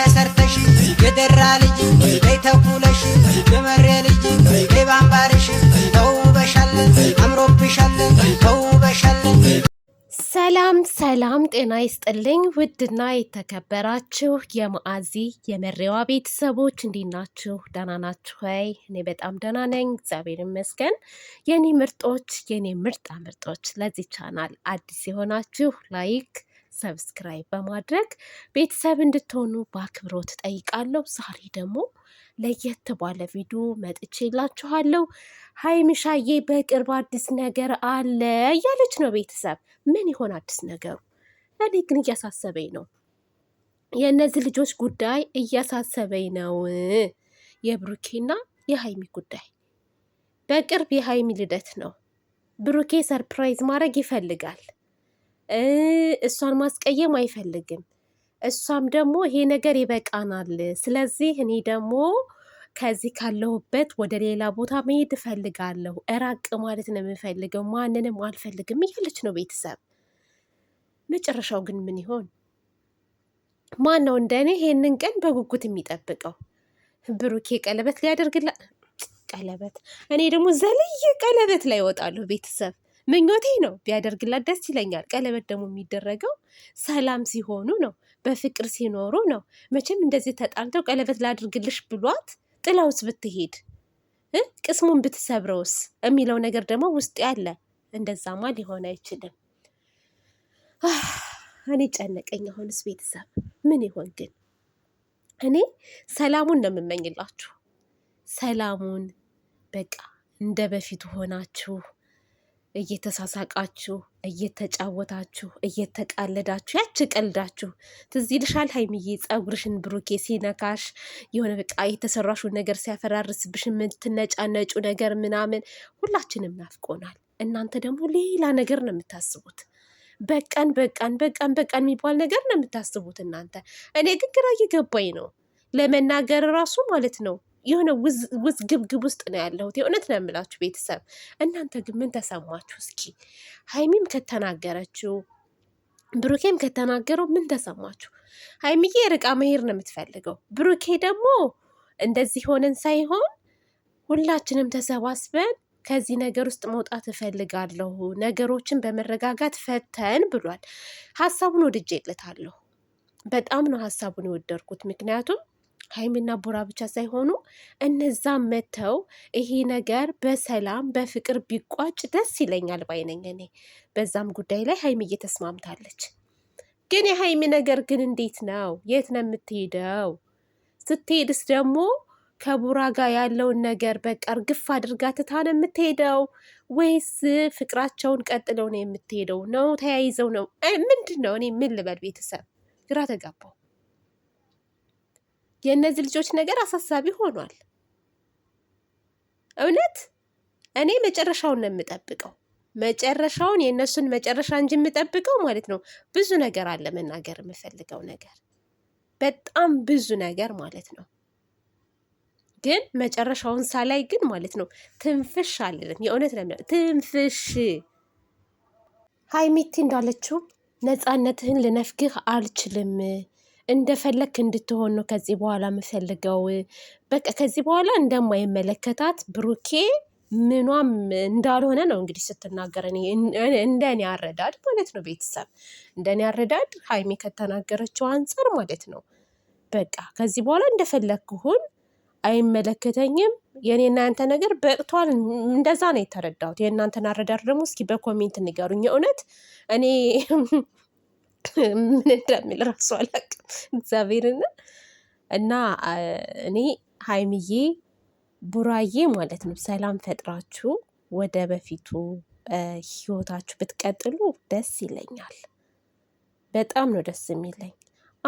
ተሰርተሽ የደራ ልጅ በይ ተኩለሽ የመሬ ልጅ ባንባርሽ ባምባርሽ ተውበሻለን አምሮብሻለን ተውበሻለን። ሰላም ሰላም፣ ጤና ይስጥልኝ ውድና የተከበራችሁ የማአዚ የመሬዋ ቤተሰቦች እንዴት ናችሁ? ደህና ናችሁ ወይ? እኔ በጣም ደህና ነኝ፣ እግዚአብሔር ይመስገን። የኔ ምርጦች፣ የኔ ምርጣ ምርጦች፣ ለዚህ ቻናል አዲስ የሆናችሁ ላይክ ሰብስክራይብ በማድረግ ቤተሰብ እንድትሆኑ በአክብሮት ጠይቃለሁ። ዛሬ ደግሞ ለየት ባለ ቪዲዮ መጥቼ ላችኋለሁ። ሀይሚሻዬ በቅርብ አዲስ ነገር አለ እያለች ነው። ቤተሰብ ምን ይሆን አዲስ ነገሩ? እኔ ግን እያሳሰበኝ ነው። የእነዚህ ልጆች ጉዳይ እያሳሰበኝ ነው። የብሩኬና የሀይሚ ጉዳይ በቅርብ የሀይሚ ልደት ነው። ብሩኬ ሰርፕራይዝ ማድረግ ይፈልጋል። እሷን ማስቀየም አይፈልግም። እሷም ደግሞ ይሄ ነገር ይበቃናል፣ ስለዚህ እኔ ደግሞ ከዚህ ካለሁበት ወደ ሌላ ቦታ መሄድ እፈልጋለሁ፣ እራቅ ማለት ነው የምፈልገው፣ ማንንም አልፈልግም እያለች ነው ቤተሰብ። መጨረሻው ግን ምን ይሆን? ማን ነው እንደኔ ይሄንን ቀን በጉጉት የሚጠብቀው? ብሩኬ ቀለበት ሊያደርግላት ቀለበት እኔ ደግሞ ዘልዬ ቀለበት ላይ እወጣለሁ ቤተሰብ ምኞቴ ነው ቢያደርግላት ደስ ይለኛል። ቀለበት ደግሞ የሚደረገው ሰላም ሲሆኑ ነው፣ በፍቅር ሲኖሩ ነው። መቼም እንደዚህ ተጣልተው ቀለበት ላድርግልሽ ብሏት ጥላውስ ብትሄድ ቅስሙን ብትሰብረውስ የሚለው ነገር ደግሞ ውስጥ ያለ እንደዛማ ሊሆን አይችልም። እኔ ጨነቀኝ። አሁንስ ቤተሰብ ምን ይሆን ግን? እኔ ሰላሙን ነው የምመኝላችሁ። ሰላሙን በቃ እንደ በፊቱ ሆናችሁ እየተሳሳቃችሁ እየተጫወታችሁ እየተቃለዳችሁ ያች ቀልዳችሁ ትዝ ይልሻል ሀይሚዬ ጸጉርሽን ብሩኬ ሲነካሽ የሆነ በቃ የተሰራሹ ነገር ሲያፈራርስብሽ የምትነጫነጩ ነገር ምናምን ሁላችንም ናፍቆናል። እናንተ ደግሞ ሌላ ነገር ነው የምታስቡት። በቀን በቀን በቀን በቀን የሚባል ነገር ነው የምታስቡት እናንተ። እኔ ግን ግራ እየገባኝ ነው ለመናገር ራሱ ማለት ነው የሆነ ውዝ ግብግብ ውስጥ ነው ያለሁት። የእውነት ነው የምላችሁ ቤተሰብ። እናንተ ግን ምን ተሰማችሁ? እስኪ ሀይሚም ከተናገረችው ብሩኬም ከተናገረው ምን ተሰማችሁ? ሀይሚዬ ርቃ መሄድ ነው የምትፈልገው። ብሩኬ ደግሞ እንደዚህ ሆነን ሳይሆን ሁላችንም ተሰባስበን ከዚህ ነገር ውስጥ መውጣት እፈልጋለሁ፣ ነገሮችን በመረጋጋት ፈተን ብሏል። ሀሳቡን ወድጄለታለሁ። በጣም ነው ሀሳቡን የወደድኩት። ምክንያቱም ሀይሚና ቡራ ብቻ ሳይሆኑ እነዛም መተው ይሄ ነገር በሰላም በፍቅር ቢቋጭ ደስ ይለኛል ባይነኝ እኔ በዛም ጉዳይ ላይ ሀይሚ እየተስማምታለች። ግን የሀይሚ ነገር ግን እንዴት ነው? የት ነው የምትሄደው? ስትሄድስ ደግሞ ከቡራ ጋር ያለውን ነገር በቃ እርግፍ አድርጋ ትታ ነው የምትሄደው ወይስ ፍቅራቸውን ቀጥለው ነው የምትሄደው? ነው ተያይዘው ነው ምንድን ነው? እኔ ምን ልበል? ቤተሰብ ግራ ተጋባው። የእነዚህ ልጆች ነገር አሳሳቢ ሆኗል። እውነት እኔ መጨረሻውን ነው የምጠብቀው። መጨረሻውን የእነሱን መጨረሻ እንጂ የምጠብቀው ማለት ነው። ብዙ ነገር አለ መናገር የምፈልገው ነገር በጣም ብዙ ነገር ማለት ነው። ግን መጨረሻውን ሳላይ ግን ማለት ነው ትንፍሽ አልልም። የእውነት ነው ትንፍሽ። ሀይሚቲ እንዳለችው ነፃነትህን ልነፍግህ አልችልም እንደፈለክ እንድትሆን ነው ከዚህ በኋላ የምፈልገው። በቃ ከዚህ በኋላ እንደማይመለከታት ብሩኬ ምኗም እንዳልሆነ ነው እንግዲህ ስትናገር፣ እንደ አረዳድ ማለት ነው ቤተሰብ፣ እንደኔ አረዳድ ሀይሜ ከተናገረችው አንጻር ማለት ነው። በቃ ከዚህ በኋላ እንደፈለግ ሁን፣ አይመለከተኝም፣ የኔ እናንተ ነገር በቅቷል። እንደዛ ነው የተረዳሁት። የእናንተን አረዳድ ደግሞ እስኪ በኮሜንት ንገሩኝ። እውነት እኔ ምን እንደሚል ራሱ አላውቅም። እግዚአብሔርና እና እኔ ሀይምዬ ቡራዬ ማለት ነው ሰላም ፈጥራችሁ ወደ በፊቱ ህይወታችሁ ብትቀጥሉ ደስ ይለኛል። በጣም ነው ደስ የሚለኝ።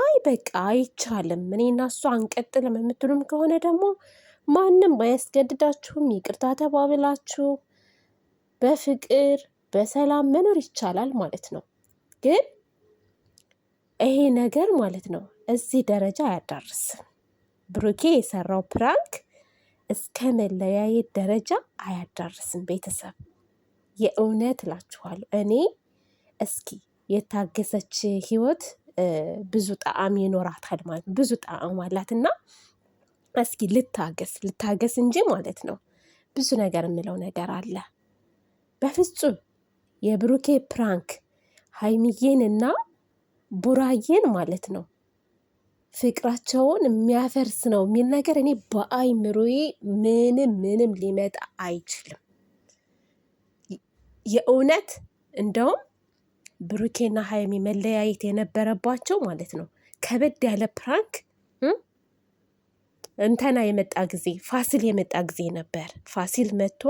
አይ በቃ አይቻልም፣ እኔ እና እሱ አንቀጥልም የምትሉም ከሆነ ደግሞ ማንም አያስገድዳችሁም። ይቅርታ ተባብላችሁ በፍቅር በሰላም መኖር ይቻላል ማለት ነው ግን ይሄ ነገር ማለት ነው እዚህ ደረጃ አያዳርስም። ብሩኬ የሰራው ፕራንክ እስከ መለያየት ደረጃ አያዳርስም። ቤተሰብ የእውነት እላችኋለሁ። እኔ እስኪ የታገሰች ህይወት ብዙ ጣዕም ይኖራታል ማለት ነው። ብዙ ጣዕም አላት እና እስኪ ልታገስ ልታገስ እንጂ ማለት ነው። ብዙ ነገር የምለው ነገር አለ። በፍጹም የብሩኬ ፕራንክ ሀይሚዬን እና ቡራዬን ማለት ነው ፍቅራቸውን የሚያፈርስ ነው የሚል ነገር እኔ በአይምሮዬ ምንም ምንም ሊመጣ አይችልም። የእውነት እንደውም ብሩኬና ሀይሚ መለያየት የነበረባቸው ማለት ነው ከበድ ያለ ፕራንክ እንተና የመጣ ጊዜ ፋሲል የመጣ ጊዜ ነበር። ፋሲል መጥቶ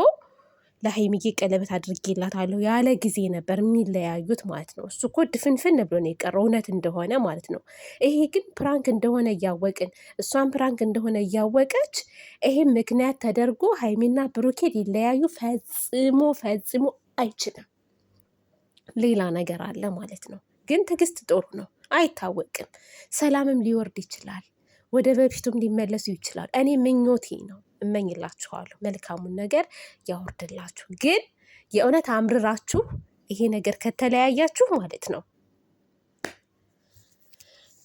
ለሀይሚዬ ቀለበት አድርጌላታለሁ ያለ ጊዜ ነበር የሚለያዩት ማለት ነው። እሱ እኮ ድፍንፍን ብሎ ነው የቀረው እውነት እንደሆነ ማለት ነው። ይሄ ግን ፕራንክ እንደሆነ እያወቅን እሷን ፕራንክ እንደሆነ እያወቀች ይሄም ምክንያት ተደርጎ ሀይሚና ብሩኬ ሊለያዩ ፈጽሞ ፈጽሞ አይችልም። ሌላ ነገር አለ ማለት ነው። ግን ትዕግስት ጥሩ ነው። አይታወቅም። ሰላምም ሊወርድ ይችላል። ወደ በፊቱም ሊመለሱ ይችላል። እኔ ምኞቴ ነው። እመኝላችኋለሁ። መልካሙን ነገር ያወርድላችሁ። ግን የእውነት አምርራችሁ ይሄ ነገር ከተለያያችሁ ማለት ነው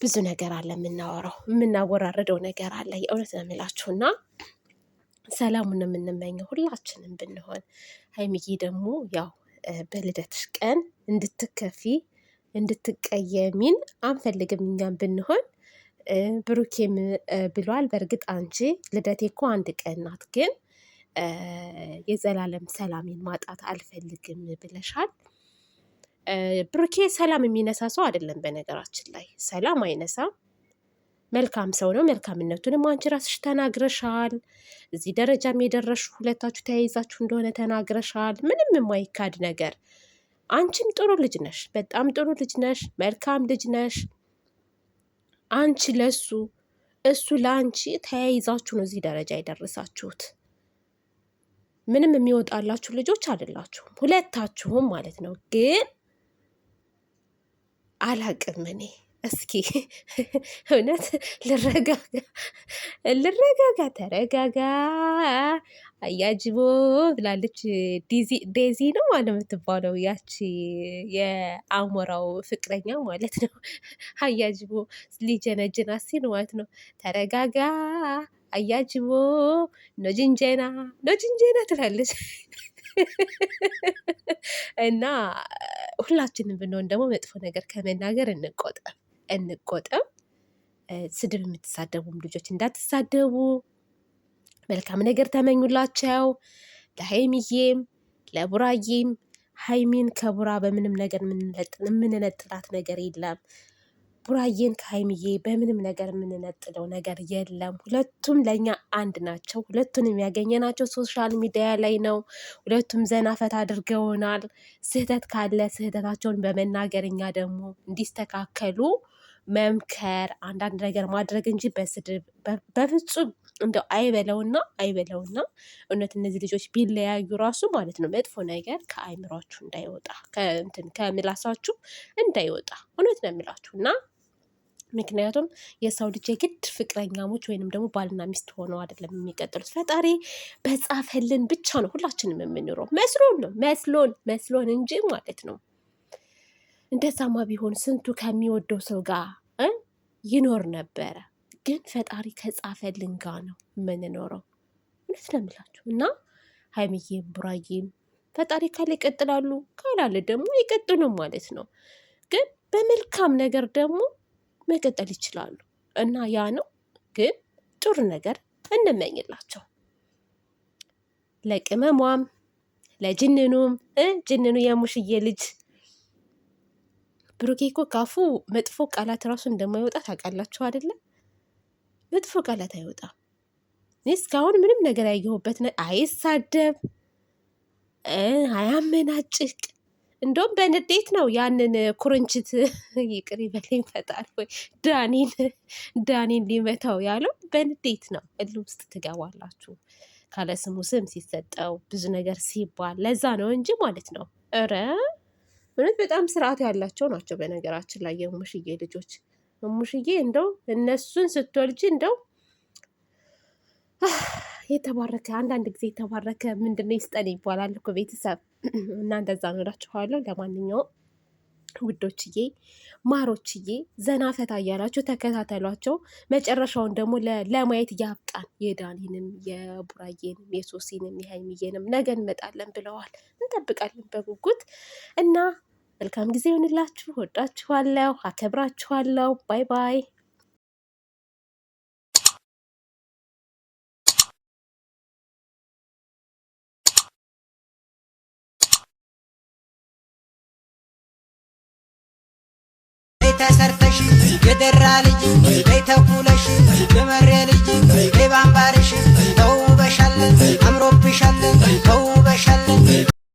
ብዙ ነገር አለ የምናወራው የምናወራረደው ነገር አለ። የእውነት ነው የምላችሁ እና ሰላሙን የምንመኘው ሁላችንም ብንሆን። ሀይሚዬ ደግሞ ያው በልደትሽ ቀን እንድትከፊ እንድትቀየሚን አንፈልግም እኛም ብንሆን ብሩኬም ብሏል። በእርግጥ አንቺ ልደቴ እኮ አንድ ቀን ናት፣ ግን የዘላለም ሰላሜን ማጣት አልፈልግም ብለሻል። ብሩኬ ሰላም የሚነሳ ሰው አይደለም። በነገራችን ላይ ሰላም አይነሳም። መልካም ሰው ነው። መልካምነቱንም አንቺ ራስሽ ተናግረሻል። እዚህ ደረጃም የደረሹ ሁለታችሁ ተያይዛችሁ እንደሆነ ተናግረሻል። ምንም የማይካድ ነገር። አንቺም ጥሩ ልጅ ነሽ፣ በጣም ጥሩ ልጅ ነሽ፣ መልካም ልጅ ነሽ። አንቺ ለሱ እሱ ለአንቺ ተያይዛችሁ ነው እዚህ ደረጃ የደረሳችሁት። ምንም የሚወጣላችሁ ልጆች አይደላችሁም ሁለታችሁም ማለት ነው። ግን አላቅም እኔ እስኪ እውነት ልረጋጋ ልረጋጋ፣ ተረጋጋ አያጅቦ ብላለች። ዴዚ ነው ማለት የምትባለው ያቺ የአሞራው ፍቅረኛ ማለት ነው። አያጅቦ ሊጀነጅና ሲል ማለት ነው። ተረጋጋ አያጅቦ ኖጅንጀና ኖጅንጀና ትላለች። እና ሁላችንም ብንሆን ደግሞ መጥፎ ነገር ከመናገር እንቆጠር። እንቆጠብ። ስድብ የምትሳደቡም ልጆች እንዳትሳደቡ መልካም ነገር ተመኙላቸው። ለሀይሚዬም ለቡራዬም ሀይሚን ከቡራ በምንም ነገር የምንነጥላት ነገር የለም። ቡራዬን ከሀይሚዬ በምንም ነገር የምንነጥለው ነገር የለም። ሁለቱም ለእኛ አንድ ናቸው። ሁለቱንም ያገኘናቸው ሶሻል ሚዲያ ላይ ነው። ሁለቱም ዘና ፈታ አድርገውናል። ስህተት ካለ ስህተታቸውን በመናገር እኛ ደግሞ እንዲስተካከሉ መምከር አንዳንድ ነገር ማድረግ እንጂ በስድብ በፍጹም እንደው አይበለውና አይበለውና እውነት እነዚህ ልጆች ቢለያዩ ራሱ ማለት ነው መጥፎ ነገር ከአይምሯችሁ እንዳይወጣ ከእንትን ከምላሳችሁ እንዳይወጣ እውነት ነው የምላችሁ እና ምክንያቱም የሰው ልጅ የግድ ፍቅረኛሞች ወይንም ደግሞ ባልና ሚስት ሆነው አይደለም የሚቀጥሉት። ፈጣሪ በጻፈልን ብቻ ነው ሁላችንም የምንኖረው። መስሎን ነው መስሎን መስሎን እንጂ ማለት ነው። እንደዛማ ቢሆን ስንቱ ከሚወደው ሰው ጋር ይኖር ነበረ። ግን ፈጣሪ ከጻፈልን ጋ ነው የምንኖረው። እውነት ነው የምላችሁ እና ሀይሚዬም ቡራዬም ፈጣሪ ካለ ይቀጥላሉ፣ ካላለ ደግሞ አይቀጥሉም ማለት ነው። ግን በመልካም ነገር ደግሞ መቀጠል ይችላሉ እና ያ ነው። ግን ጥሩ ነገር እንመኝላቸው ለቅመሟም ለጅንኑም ጅንኑ የሙሽዬ ልጅ ብሩኬ እኮ ካፉ መጥፎ ቃላት ራሱ እንደማይወጣ ታውቃላችሁ አይደለም? መጥፎ ቃላት አይወጣም። እኔ እስካሁን ምንም ነገር ያየሁበት አይሳደብ፣ አያመናጭቅ። እንደውም በንዴት ነው ያንን ኩርንችት ይቅር ይበለኝ ፈጣሪ ወይ ዳኒን ዳኒን ሊመታው ያለው በንዴት ነው። እል ውስጥ ትገባላችሁ ካለ ስሙ ስም ሲሰጠው ብዙ ነገር ሲባል ለዛ ነው እንጂ ማለት ነው ረ እውነት በጣም ስርዓት ያላቸው ናቸው። በነገራችን ላይ የሙሽዬ ልጆች ሙሽዬ እንደው እነሱን ስትወልጅ እንደው የተባረከ አንዳንድ ጊዜ የተባረከ ምንድነ ይስጠን ይባላል እኮ ቤተሰብ እና እንደዛ ኖራችኋለሁ። ለማንኛውም ውዶችዬ ማሮችዬ ዘና ፈታ እያላችሁ ተከታተሏቸው። መጨረሻውን ደግሞ ለማየት ያብቃን። የዳኒንም የቡራዬንም የሶሲንም የሀይሚዬንም ነገ እንመጣለን ብለዋል። እንጠብቃለን በጉጉት እና መልካም ጊዜ ይሆንላችሁ። ወዳችኋለሁ፣ አከብራችኋለሁ። ባይ ባይ። ተሰርተሽ የደራ ልጅ ቤተኩለሽ የመሬ ልጅ ባምባርሽ